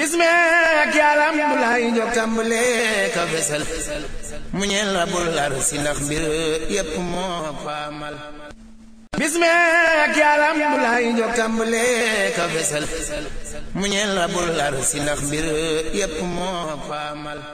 bismillah ak alhamdulilah yi jóg tàmbalee ka fesal mu ñeel rabul arsi ndax mbir yépp moo faamal bismillah ak alhamdulilah yi jóg tàmbalee ka fesal mu ñeel rabul arsi ndax mbir yépp moo faamal